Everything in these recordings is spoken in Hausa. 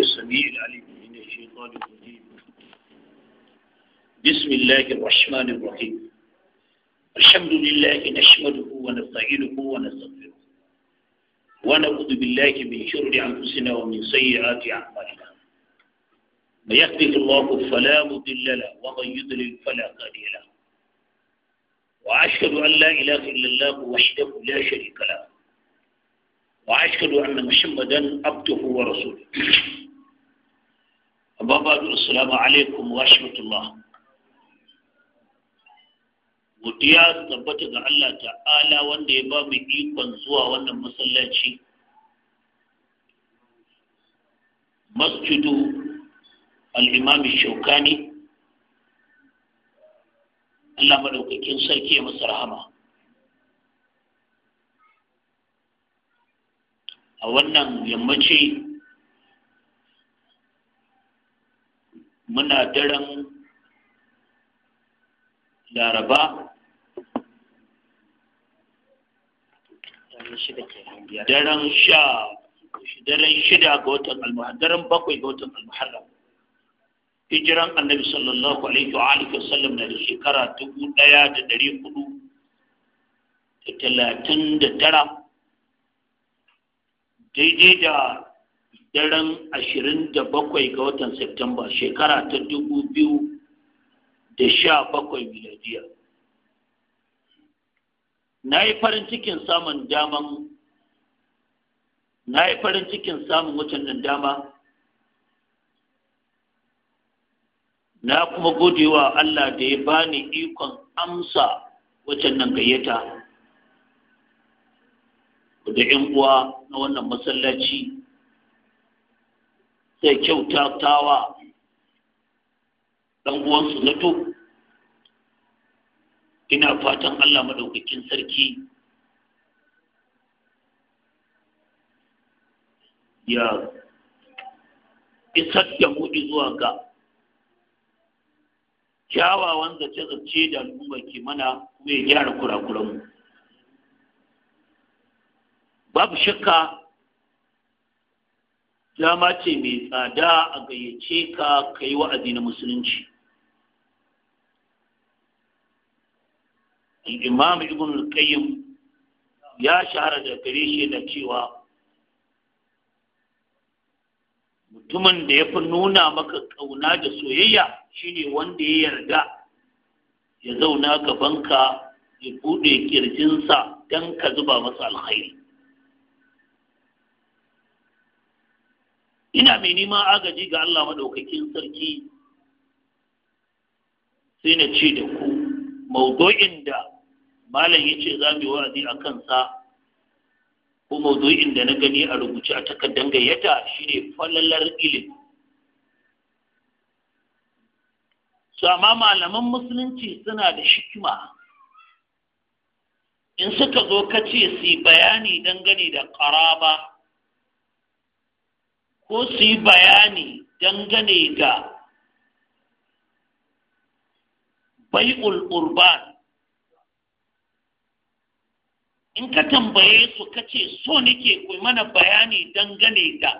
السميع العليم من الشيطان الرجيم بسم الله الرحمن الرحيم الحمد لله نحمده ونستعينه ونستغفره ونعوذ بالله من شرور انفسنا ومن سيئات اعمالنا من يهده الله فلا مضل له ومن يضلل فلا هادي له واشهد ان لا اله الا الله وحده لا شريك له وأشهد أن محمدا عبده ورسوله amma ba assalamu alaikum wa rahmatullah godiya tabbata ga Allah ta'ala wanda ya ba mu ikon zuwa wannan masallaci masjidu al-imam shaukani Allah madaukakin sarki ya masa rahama a wannan yammaci muna daren laraba daren sha daren shida ga watan almuhar daren bakwai ga watan almuhar hijiran annabi sallallahu alaihi wa alihi wa sallam na da shekara dubu ɗaya da ɗari hudu da talatin da tara daidai da daren ashirin da bakwai ga watan Septemba shekara ta dubu biyu da sha bakwai miladiya. Na yi farin cikin samun daman na yi farin cikin samun nan dama na kuma godewa Allah da ya bani ikon amsa nan gayyata da 'yan uwa na wannan masallaci sai kyauta tawa ɗan uwansu na to ina fatan Allah maɗaukakin sarki ya isar da mu zuwa ga kyawawan zace-zace da al'umma ke mana kuma ya gyara kurakuranmu babu shakka dama ce mai tsada a gayyace ka ka yi wa'azi na musulunci imam ibn al-qayyim ya shahara da gare shi da cewa mutumin da ya fi nuna maka ƙauna da soyayya shine wanda ya yarda ya zauna gabanka ya buɗe ƙirjinsa don ka zuba masa alkhairi ina mai neman agaji ga Allah maɗaukakin sarki sai na ce da ku maudu'in da malam ya ce za mu yi wa'azi a kansa ko maudu'in da na gani a rubuce a takardar gayyata shi ne falalar ilim. su amma malaman musulunci suna da shikima in suka zo kace su bayani dangane da ƙaraba ko su yi bayani dangane ga bai'ul urban in ka tambaye su ka ce so nake kai mana bayani dangane ga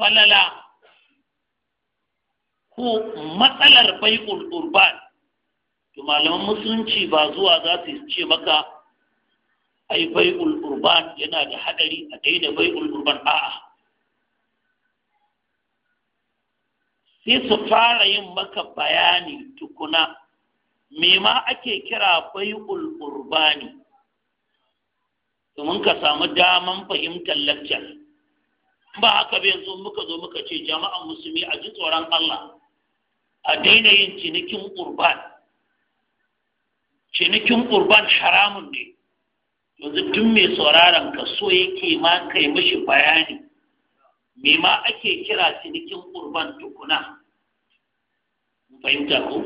falala ko matsalar bai'ul urban to malaman musulunci ba zuwa za su ce maka ai bai'ul urban yana da hadari a daina bai'ul urban a'a sai su fara yin maka bayani tukuna me ma ake kira bai'ul urbani domin ka samu daman fahimtar lakcar ba haka bai yanzu muka zo muka ce jama'an musulmi a ji tsoron Allah a daina yin cinikin urban cinikin urban haramun ne yanzu tun mai sauraron ka so yake ma kai mashi bayani me ma ake kira cinikin kurban tukuna fahimta ko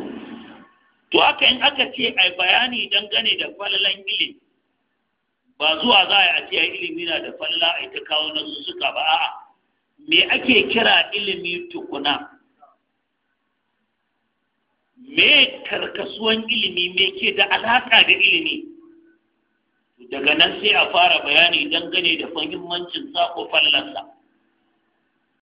to haka in aka ce ai bayani dangane da falalan ilimi ba zuwa za a ce ai ilimi na da falla ai ta kawo na suka ba a'a me ake kira ilimi tukuna me karkasuwan ilimi me ke da alaka da ilimi daga nan sai a fara bayani dangane da fahimmancin sa ko fallansa